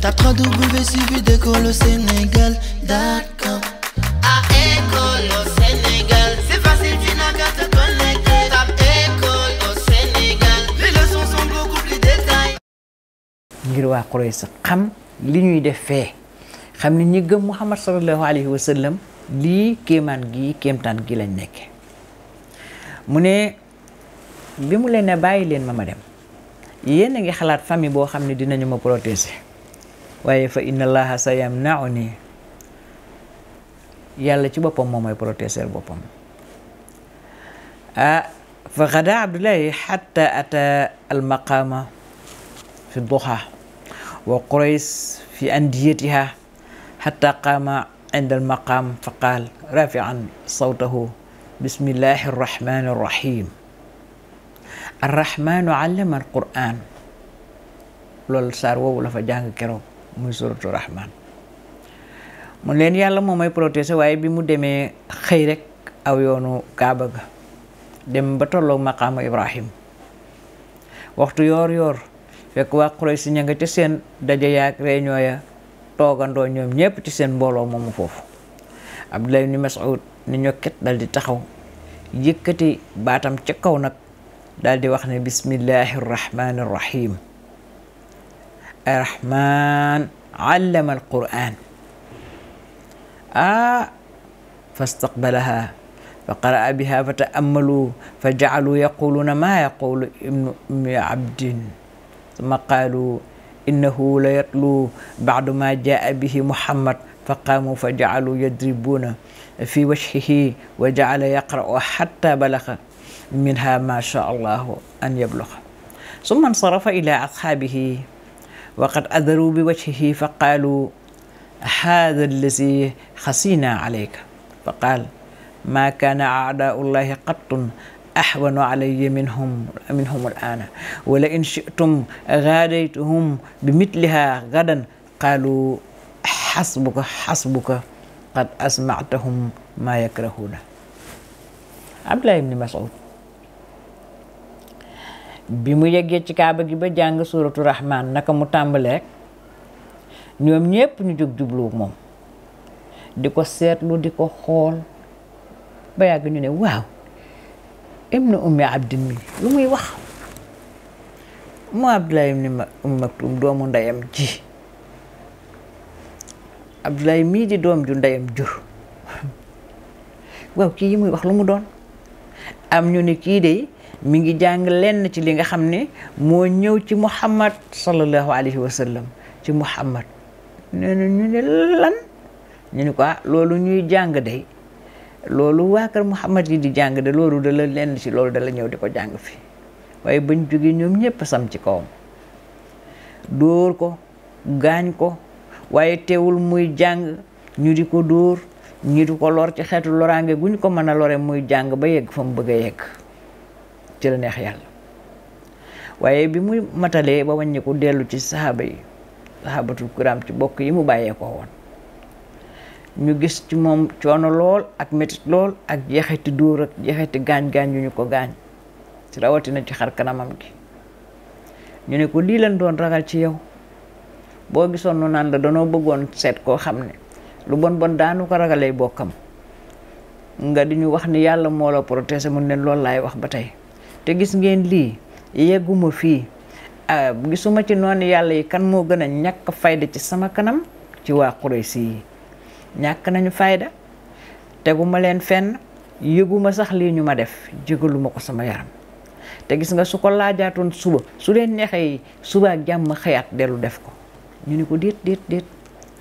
Tape www.suividecolosénégal.com À École au Sénégal, c'est facile, tu n'as ngir waa Quraysh xam li ñuy def fee xam ni ñi gëm Muhammad sallallahu alayhi wa lii kéemaan gi kéemtaan gi lañ nekke mu ne bi mu leen ne bàyyi leen ma ma dem yéen a ngi xalaat fami boo xam ne dinañu ma protéger waye fa inna allaha sayamna'uni yàlla ci bopam moom mooy protéger bopam ah fa ghada abdullah hatta ata al maqama fi duha wa qurays fi andiyatiha xatta qaama عند المقام فقال رافعا صوته بسم الله الرحمن الرحيم الرحمن علم القرآن لول سار لا فا جانغ كيروك muy suratu rahman mu leen yàlla moo may protéger waaye bi mu demee xëy rek aw yoonu kaaba ga dem ba tolloog maqaamu ibrahim waxtu yoor yoor fekk waa Quraysh ña nga ca seen daje yaak réunion ya toogandoo ñoom ñëpp ci seen mbooloo moomu foofu Abdullah ibn Mas'ud ni ñokket dal di taxaw yëkkati baatam ca kaw nag dal di wax ne bismillahi rahmani الرحمن علم القرآن آه فاستقبلها فقرأ بها فتأملوا فجعلوا يقولون ما يقول ابن أم عبد ثم قالوا إنه ليتلو بعد ما جاء به محمد فقاموا فجعلوا يضربون في وجهه وجعل يقرأ حتى بلغ منها ما شاء الله أن يبلغ ثم انصرف إلى أصحابه وقد أذروا بوجهه فقالوا هذا الذي خسينا عليك فقال ما كان أعداء الله قط أحون علي منهم منهم الآن ولئن شئتم غاديتهم بمثلها غدا قالوا حسبك حسبك قد أسمعتهم ما يكرهون عبد الله بن مسعود bi mu yeggee ci kaaba gi ba jàng suuratu rahmaan naka mu tàmbalee ñoom ñépp ñu jóg jublu moom di ko seetlu di ko xool ba yàgg ñu ne waaw ibnu ummi abdin mi lu muy wax mu abdulaay ibnu ummi maktum doomu ndeyam ji abdulaay mii di doom ju ndeyam jur waaw kii yi muy wax lu mu doon am ñu ne kii de mi ngi jang lenn ci li nga xamne mo ñew ci muhammad sallallahu alaihi wasallam, ci muhammad nee ñu ne lan ñu ne ko ah, lolu ñuy jang de lolu waakar muhammad yi di jang de lolu da la lenn ci lolu da la ñew di ko fi waye buñ jógee ñom ñepp sam ci kawam door ko gañ ko waye teewul muy jang ñu diko door ñi diko ko lor ci xetu lorange guñ ko mën loré muy jang ba yegg fam bëgg yegg ci la neex yàlla waaye bi muy matalee ba wàññiku dellu ci saxaaba yi saxaabatul kiraam ci bokk yi mu bàyyeekoo woon ñu gis ci moom coono lool ak metit lool ak jeexiti dóor ak jeexiti gaañ-gaañ yu ñu ko gaañ ci rawatina ci xar kanamam gi ñu ne ko lii lañ doon ragal ci yow boo gisoon nu naan la danoo bëggoon seet koo xam ne lu bon bon daanu ko ragalee bokkam nga di ñu wax ni yàlla moo la protéger mun ne loolu laay wax ba tey te gis ngeen fi yegguma fii ah, gisuma ci non yalla yi kan mo gëna ñak fayda ci sama kanam ci wa Quraysi ñak nañu fayda teguma len fenn yeguma sax li ñuma ma def jégaluma ko sama yaram te gis nga suko la jaatun suba su len neexee suba ak jàmm xiyat delu def ko ñu ni ko dit dit dit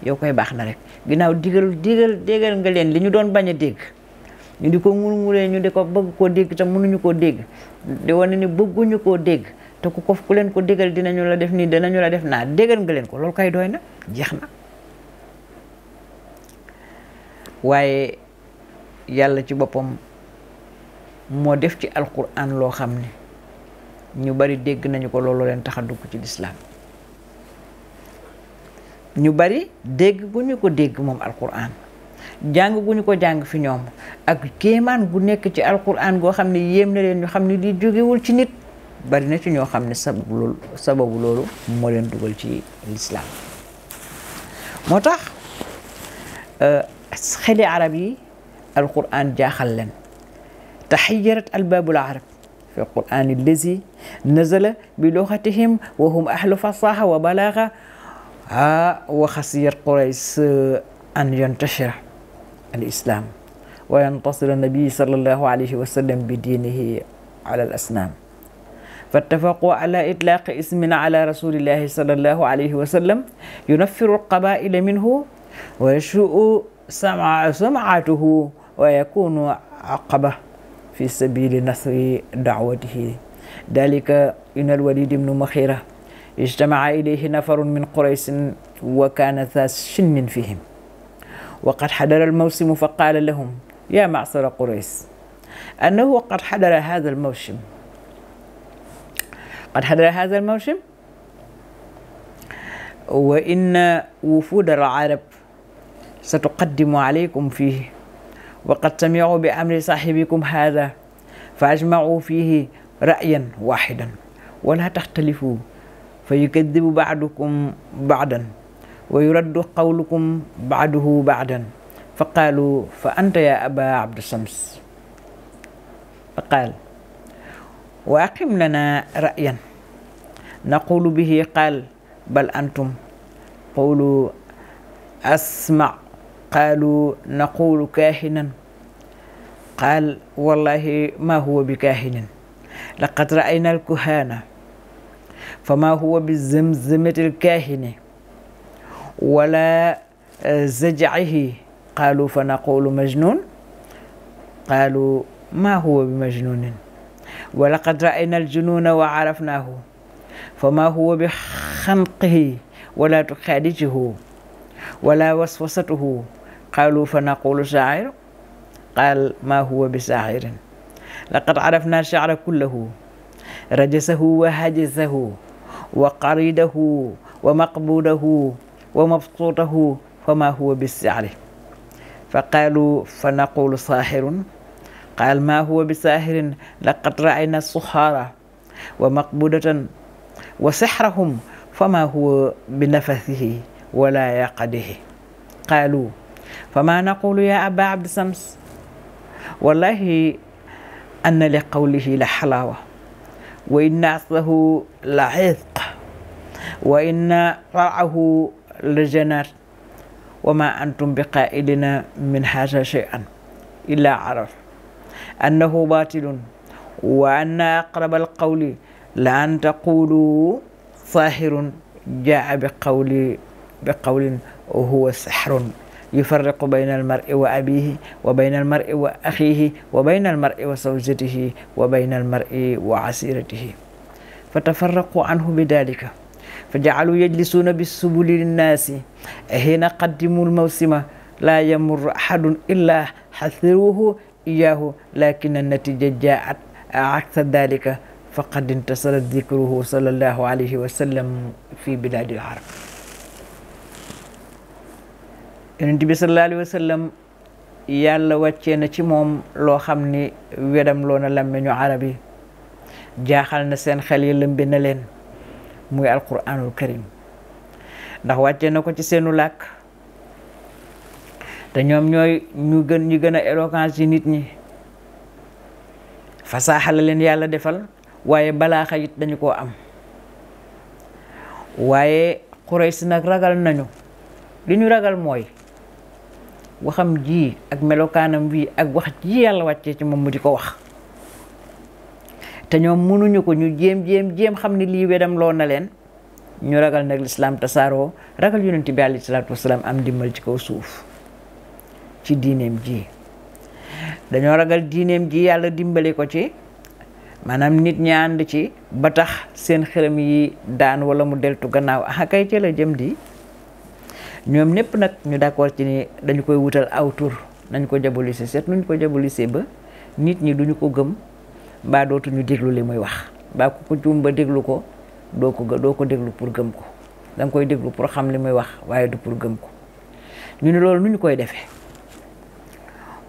yow koy bax na rek ginaaw digal digal déggal nga len li ñu doon baña deg ñu diko ngul ngulé ñu diko bëgg ko deg ta mënuñu ko deg di wane ni bëgguñu koo dégg te ku ko ku leen ko déggal dinañu la def nii dinañu la def naa déggal nga leen ko loolu kay doy na jeex na waaye yàlla ci boppam moo def ci alquran loo xam ne ñu bari dégg nañu ko loolu leen tax a dugg ci lislaam ñu bari dégg bu ñu ko dégg moom alquran jàng gu ko jàng fi ñoom ak kéemaan gu nekk ci alquran goo xam ne yéem na leen ñu xam ne di jógewul ci nit bari na ci ñoo xam ne sababu loolu moo leen dugal ci lislaam moo tax euh, xeli arab yi alquran jaaxal leen taxayarat albaabul arab fi alquran allazi nazala bi luxatihim wa hum ahlu fasaha wa balaaga ah wa xasiyat qurays an yantashira الإسلام وينتصر النبي صلى الله عليه وسلم بدينه على الأصنام فاتفقوا على إطلاق اسم على رسول الله صلى الله عليه وسلم ينفر القبائل منه ويشوء سمع سمعته ويكون عقبة في سبيل نصر دعوته ذلك إن الوليد بن مخيرة اجتمع إليه نفر من قريش وكان ذا سن فيهم وقد حضر الموسم فقال لهم يا معصر قريش أنه قد حضر هذا الموسم قد حضر هذا الموسم وإن وفود العرب ستقدم عليكم فيه وقد سمعوا بأمر صاحبكم هذا فأجمعوا فيه رأيا واحدا ولا تختلفوا فيكذب بعضكم بعضا ويرد قولكم بعده بعدا فقالوا فأنت يا أبا عبد الشمس فقال وأقم لنا رأيا نقول به قال بل أنتم قولوا أسمع قالوا نقول كاهنا قال والله ما هو بكاهن لقد رأينا الكهانة فما هو بالزمزمة الكاهنة ولا آه، زجعه قالوا فنقول مجنون قالوا ما هو بمجنون ولقد رأينا الجنون وعرفناه فما هو بخنقه ولا تخادجه ولا وسوسته قالوا فنقول شاعر قال ما هو بساعر لقد عرفنا الشعر كله رجسه وهجسه وقريده ومقبوده ومبسوطه فما هو بالسعر فقالوا فنقول ساحر قال ما هو بساحر لقد رأينا الصحارة ومقبودة وسحرهم فما هو بنفسه ولا يقده قالوا فما نقول يا أبا عبد الشمس والله أن لقوله لحلاوة وإن أصله لعذق وإن فرعه للجنات وما أنتم بقائلنا من حاجة شيئا إلا عرف أنه باطل وأن أقرب القول لأن تقولوا ساحر جاء بقول بقول وهو سحر يفرق بين المرء وأبيه وبين المرء وأخيه وبين المرء وزوجته وبين المرء وعسيرته فتفرقوا عنه بذلك فجعلوا يجلسون بالسبل للناس هنا قدموا الموسم لا يمر أحد إلا حثروه إياه لكن النتيجة جاءت عكس ذلك فقد انتصر ذكره صلى الله عليه وسلم في بلاد العرب النبي صلى الله عليه وسلم yàlla wàccee na ci moom loo xam ni wedam loo na làmmiñu arab yi jaaxal na muy alquranul karim ndax wàcce na ko ci seenu làkk te ñoom ñooy ñu gën ñu gën a éloquence ci nit ñi fasaaxa la leen yàlla defal waaye balaa dañu ko am waaye si nag ragal nañu li ñu ragal mooy waxam jii ak melokaanam wi ak wax ji yàlla wàccee ci moom mu di ko wax te ñoom mënuñu ko ñu jéem jéem jéem xam ni lii wedam loo na leen ñu ragal nag lislaam tasaaroo ragal yonent bi alayhi salaatu salaam am ndimbal ci kaw suuf ci diineem jii dañoo ragal diineem ji yàlla dimbale ko ci maanaam nit ñi ànd ci ba tax seen xërëm yi daan wala mu deltu gannaaw ah kay la jëm di ñoom ñëpp nag ñu d'accord ci ni dañu koy wutal aw tur nañ ko jabolisee seet nuñ ko jabolisee ba nit ñi duñu ko gëm mbaa dootuñu déglu li muy wax mbaa ku ko juum ba déglu ko doo ko doo ko déglu pour gëm ko danga koy déglu pour xam li muy wax waaye du pour gëm ko ñu ne loolu nu ñu koy defee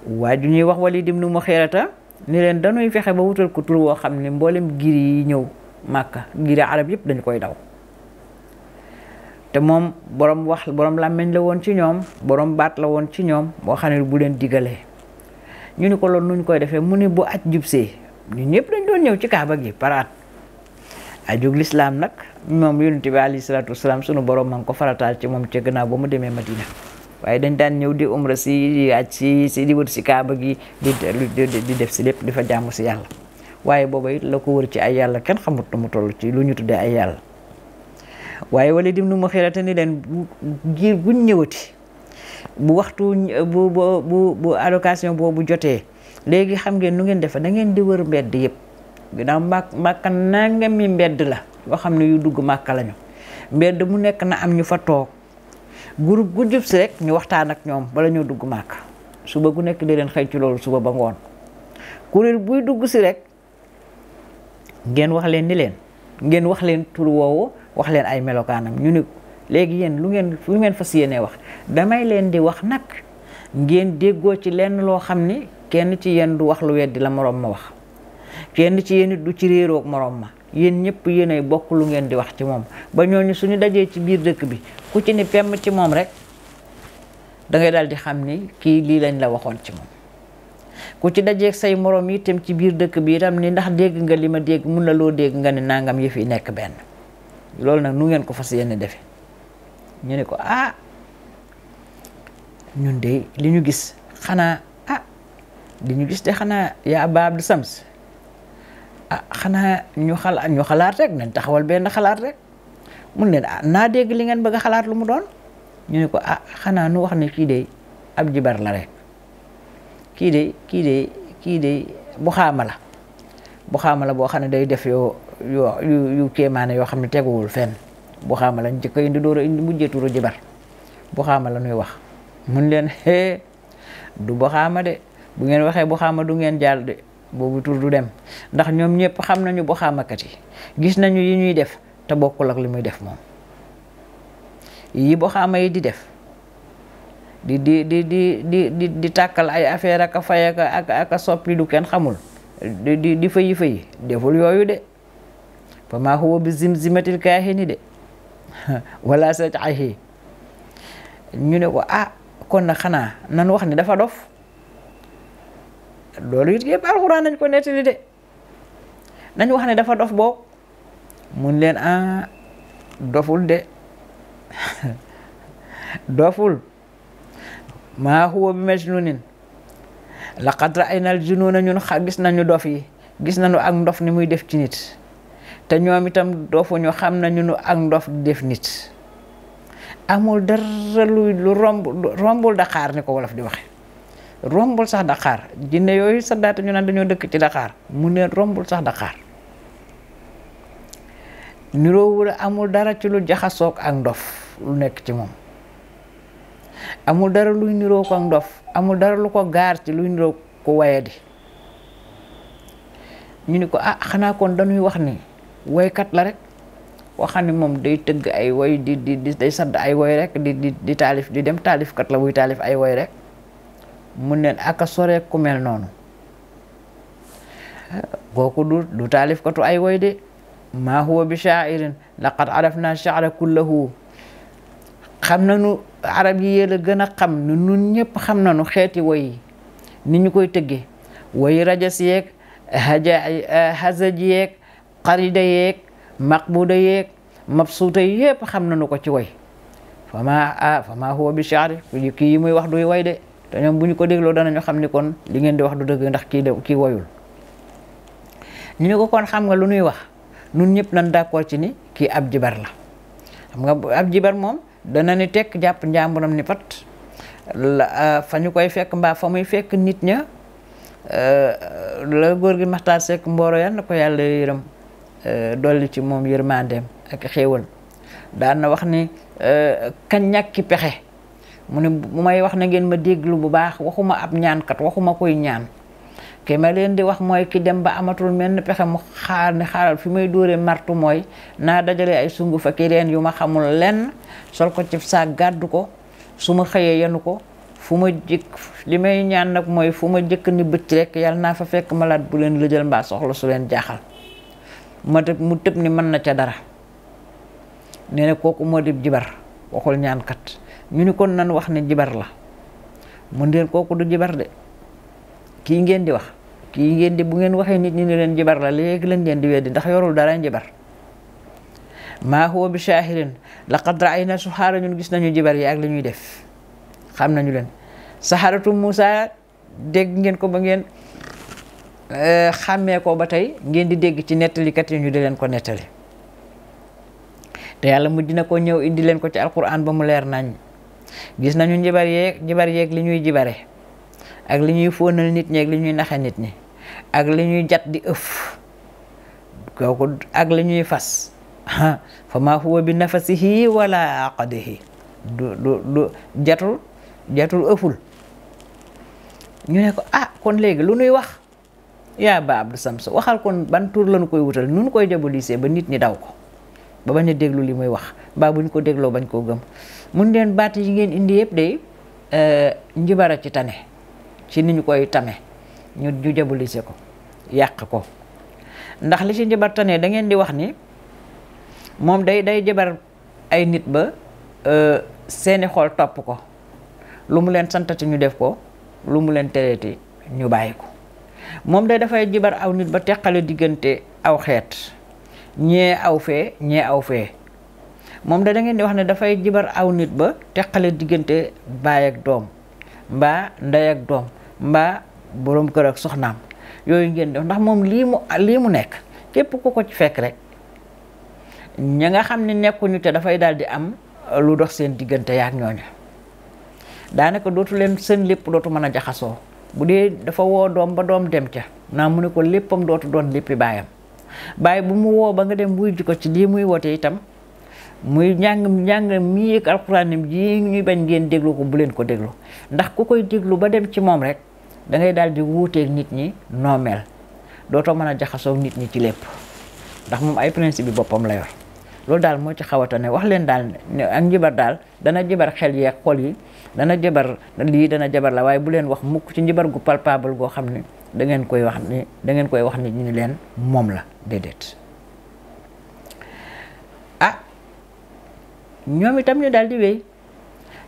waa ju ñuy wax Waliid ibn Muxiirata ni leen dañuy fexe ba wutal ko woo xam ne mboolem giir ñëw màkka giiri arab yëpp dañu koy daw te moom borom wax borom làmmiñ la woon ci ñoom borom baat la woon ci ñoom boo xam ne bu leen digalee ñu ni ko loolu nu ñu koy defee mu ni bu aj jubsee ñu ñëpp dañ doon ñëw ci kaaba gi paraat ajug lislaam nag moom yonent bi alayhi salaatu wasalaam sunu borom ma ko farataal ci moom ci gannaaw ba mu demee Madina waaye dañ daan ñëw di umra si di aj si si di wër si kaaba gi di di def si lépp di fa jaamu si yàlla waaye booba it la ko wër ci ay yàlla kenn xamut nu mu toll ci lu ñu tuddee ay yàlla waaye wala dim nu mu xirata ni leen giir guñ ñëwati bu waxtu bu bu bu allocation boobu jotee léegi xam ngeen nu ngeen defee da ngeen di wër mbedd yëpp ginnaaw màkk màkka nangami mbedd la yoo xam ne yu dugg màkk lañu mbedd mu nekk na am ñu fa toog groupe gu jub si rek ñu waxtaan ak ñoom bala ñoo dugg màkk suba gu nekk di leen xëy ci loolu suba ba ngoon kuréel buy dugg si rek ngeen wax leen ni leen ngeen wax leen tur woowu wax leen ay melokaanam ñu ni léegi yéen lu ngeen lu ngeen fas yéenee wax damay leen di wax nag ngeen déggoo ci lenn loo xam ni kenn ci yéen du wax lu weddi la moroom ma wax kenn ci yéen it du ci réerook moroom ma yéen ñëpp yéen ay bokk lu ngeen di wax ci moom ba ñooñu suñu dajee ci biir dëkk bi ku ci ni pemm ci moom rek da dal di xam ni kii lii lañ la waxoon ci moom ku ci dajeeg say moroom itam ci biir dëkk bi tam ni ndax dégg nga li ma dégg mun na loo dégg nga ne nangam yëf yi nekk benn loolu nag nu ngeen ko fas yéene defe ñu ne ko ah ñun de li ñu gis xanaa di ñu gis té ya ya baab de sams ah, xana ñu xal ñu xalaat rek nañ taxawal ben xalaat rek mu ne ah, na dégg li ngeen bëgg a xalaat lu mu doon ñu ne ko ah xana nu wax ne ki dé ab jibar la rek ki dé ki dé ki dé bu xama la bu xama la bo xana day def yo yu kéemaane yoo xam ne fenn bu xama la jëkë indi dooro indi mujjé turu jibar bu xama la nuy wax leen hé du bu xama de bu ngeen waxee bu xaama du ngeen jàll de boobu tur du dem ndax ñoom ñëpp xam nañu bu xaamakat yi gis nañu yi ñuy def te bokkul ak li muy def moom yi bu xaama yi di def di di di di di di tàkkal ay affaire ak a fay ak ak a soppi lu kenn xamul di di di fayi deful yooyu de fa maa huwa bi zimzimatil kaahini de wala sa ahi ñu ne ko ah kon na xanaa nan wax ni dafa dof loolu it yëpp alxuraan nañ ko nettali de nañ wax ne dafa dof boobu mun leen a ah, doful de doful maa huwa bi majnunin laqad na junuuna ñun xa gis nañu dof yi gis nañu ak ndof ni muy def ci nit te ñoom itam dofuñu xam nañu nu ak ndof def nit amul dara lu romb rombul daqaar ni ko wolof di waxe rombul sax Dakar jinne yooyu sa daata ñu naan dañoo dëkk ci daxaar mu ne rombul sax Dakar niroowul amul dara ci lu jaxasoog ak ndof lu nekk ci moom amul dara luy niroo ko ak ndof amul dara lu ko gaar ci luy niroo ko wayadi ñu ni ko ah xanaa kon dañuy wax ni waykat la rek waxam ni moom day tëgg ay way di di day sadd ay woy rek di di di taalif di dem taalifkat la wuy taalif ay woy rek mu neen aka sore ku mel noonu kooku du du taalif katu ay woy de maa huwa bi shaa'irin laqad arafna sha'ra kullahu xam nanu arab yi yéen a gën a xam nu ñëpp xam nanu xeeti woy yi ni ñu koy tëggee woy rajas yeeg haja hazaj yeeg qarida yeeg maqbuda yeeg mabsuuta yëpp xam nanu ko ci woy fama a fama huwa bi sha'ri kii yi muy de te ñom buñu ko dégloo da nañu xamni kon li ngeen di wax du dëgg ndax ki de woyul ñu ko kon xam nga lu nuy wax nun ñëpp nañ d'accord ci ni ki ab jibar la xam nga ab jibar da dana ni tek japp njàmburam ni pat la fa koy fekk mba fa muy fekk nit ña la gor gi maxtar sek mboro yal na yalla yeeram euh doli ci ak xewal da na wax ni kan pexé mu ne bu may wax na ngeen ma déglu bu baax waxuma ab ñaankat waxuma koy ñaan ki ma leen di wax mooy ki dem ba amatul menn pexe mu xaar ne xaaral fi may dóore martu mooy naa dajale ay sunguf ak reen yu ma xamul lenn sol ko ci saak gàddu ko su ma xëyee yenu ko fu ma jëkk li may ñaan nag mooy fu ma jëkk ni bëcc rek yàlla naa fa fekk malaat bu leen lëjal mbaa soxla su leen jaaxal ma tëb mu tëb ni mën na ca dara nee na kooku moo di jibar waxul ñaankat ñu ni kon nan wax ne jibar la mu ndeen kooku du jibar de kii ngeen di wax kii ngeen di bu ngeen waxee nit ñi ni leen jibar la léegi leen ngeen di weddi ndax yorul dara jibar ma huwa bi shahirin laqad ra'ayna suhara ñun gis nañu jibar yi ak lañuy def xam nañu leen saharatu musa deg ngeen ko ba ngeen eh, xàmmee ko ba ngeen di dégg ci nettalikat yi ñu di leen ko nettali te yàlla mujj ko ñëw indi leen ko ci alquran ba mu leer nañ gis nañu njibar yeeg njibar yeeg li ñuy jibare ak li ñuy fóonal nit ñeeg li ñuy naxe nit ñi ak li ñuy jat di ëf kooku ak li ñuy fas ah, fa maa huwa bi nafasihi wala aqadihi du du du jatul jatul ëful ñu ne ah kon léegi lu nuy wax yaa ba Abdou Sams waxal kon ban la lañu koy wutal nun koy jabolisee ba nit ñi daw ko ba bañ déglu li muy wax mbaa buñ ko dégloo bañ koo gëm mun leen baat yi ngeen indi yëpp de euh, njibara ci tane ci ni ñu koy tame ñu ñu ko yàq ko ndax li ci njabar tane da ngeen di wax ni moom day day jabar ay nit ba euh, seeni xool topp ko lu mu leen santati ñu def ko lu mu leen tereeti ñu bàyyi ko moom day dafay jibar aw nit ba teqale diggante aw xeet ñee aw fee ñee aw fee moom da dangeen di wax ne dafay jibar aw nit ba teqale diggante baay ak doom mbaa ndey ak doom mbaa boroom kër ak soxnaam yooyu ngeen def ndax moom lii mu lii mu nekk képp ku ko ci fekk rek ña nga xam ne nekkuñu te dafay daal di am lu dox seen diggante yaak ñooñu daanaka dootu leen seen lépp dootu mën a jaxasoo bu dee dafa woo doom ba doom dem ca naa mu ne ko léppam dootu doon léppi baayam bàyyi bu mu woo ba nga dem wuy ji ko ci lii muy woote itam muy njàngam njàngam mi ak alxuraanam ji ñuy bañ ngeen déglu ko bu leen ko déglu ndax ku koy déglu ba dem ci moom rek dangay ngay daal di wuuteeg nit ñi noomeel doo dootoo mën a jaxasoo nit ñi ci lépp ndax moom ay principe bi boppam la yor loolu daal moo ci xaw a tane wax leen daal ne ak njibar daal dana jabar xel yeeg xool yi dana jibar lii dana jabar la waaye bu leen wax mukk ci njabar gu palpable goo xam ne da ngeen koy wax ni dangeen koy wax ni ñu leen moom la déedéet a ah, ñoom itam ñu daal di wéy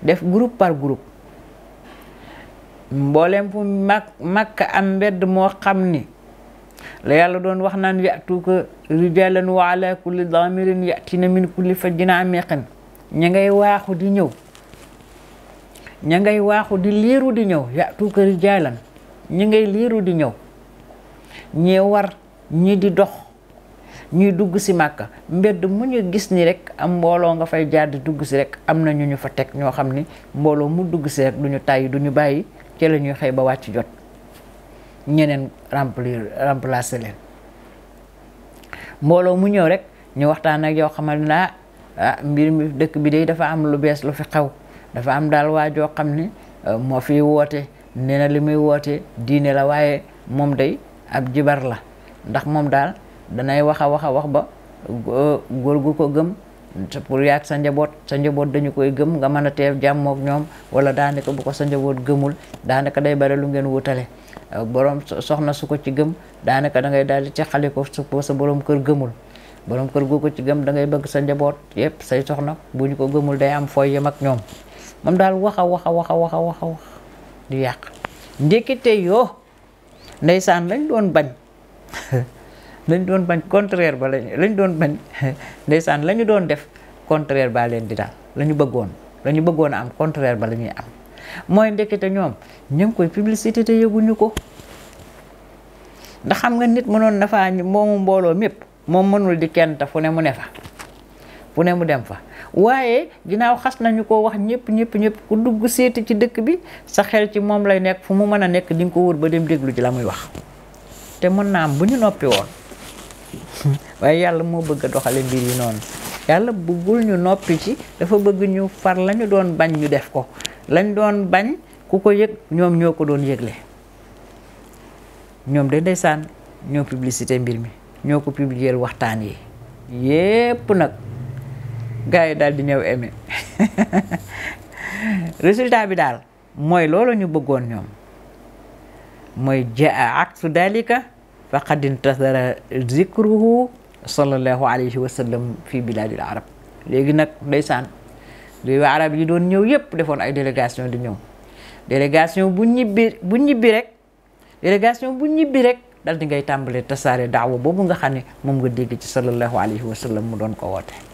def groupe par groupe mboolem fu mag makk am mbedd moo xam ni la yàlla doon wax naan yatuuka rijalan wa ala kulli damirin yatina min kulli fajjin amiqin ña ngay waaxu di ñëw ña ngay waaxu di liiru di ñëw yatuuka rijalan ñi ngay liiru di ñëw ñi war ñi di dox ñuy dugg si màkka mbedd mu ñu gis ni rek am mbooloo nga fay jaar di dugg si rek am na ñu ñu fa teg ñoo xam ni mbooloo mu dugg si rek ñu tàyyi du bàyyi ci la ñuy xëy ba wàcc jot ñeneen remplir remplacer mbooloo mu ñëw rek ñu waxtaan ak yow xamal naa ah, mbir mi dëkk bi de dafa am lu bees lu fi xew dafa am daal waa joo xam ni ah, moo fi woote nee na li muy wootee diine la waaye moom day ab jibar la ndax moom daal danay wax a wax a wax ba góor gu ko gëm pour yaag sa njaboot sa njaboot dañu koy gëm nga mën a teef jàmmook ñoom wala daanaka bu ko sa njaboot gëmul daanaka day bare lu ngeen wutale euh, borom soxna su ko ci gëm daanaka da ngay daal di ci xale ko su ko sa boroom kër gëmul borom kër goo ko ci gëm da ngay bëgg sa njaboot yëpp say soxna bu ñu ko gëmul day am fooy yem ak ñoom moom daal wax a wax a di yàq ndekete ndeysaan lañ doon bañ lañ doon bañ contraire ba lañ doon bañ ndeysaan lañu doon def contraire baa leen di daal lañu bëggoon la bëggoon a am contraire ba la ñuy am mooy ndekete ñoom ñu ngi koy publicité te yëguñu ko ndax xam nga nit mënoon na faa moomu mbooloo mépp moom mënul di kenn te fu ne mu ne fa fu ne mu dem fa waye ginaaw xass nañu ko wax ñepp ñepp ñepp ku dugg seeti ci dëkk bi sa xel ci mom lay nekk fu mu mëna nekk di ko wër ba dem déglu ji la muy wax té mën na am buñu ñu noppi woon waye yalla mo bëgg doxale mbir yi non yalla bëggul ñu noppi ci dafa bëgg ñu far lañu doon bañ ñu def ko lañ doon bañ ku ko yëg ñom ñoko doon yëgle ñoom de ndeysaan ñoo publicité mbir mi ñoko publier waxtaan yi yépp nak gars yi daal di ñëw aimé résultat bi daal mooy loolu ñu bëggoon ñoom mooy jaa aksu dalika faqad intasara zikruhu sallallahu alayhi wa sallam fi biladil arab léegi nag ndeysaan réewu arab yi doon ñëw yëpp defoon ay délégation di ñëw délégation bu ñibbi bu ñibbi rek délégation bu ñibbi rek daal di ngay tàmbalee tasaare daawa boobu nga xam ne moom nga dégg ci sallallahu alayhi wa sallam mu doon ko woote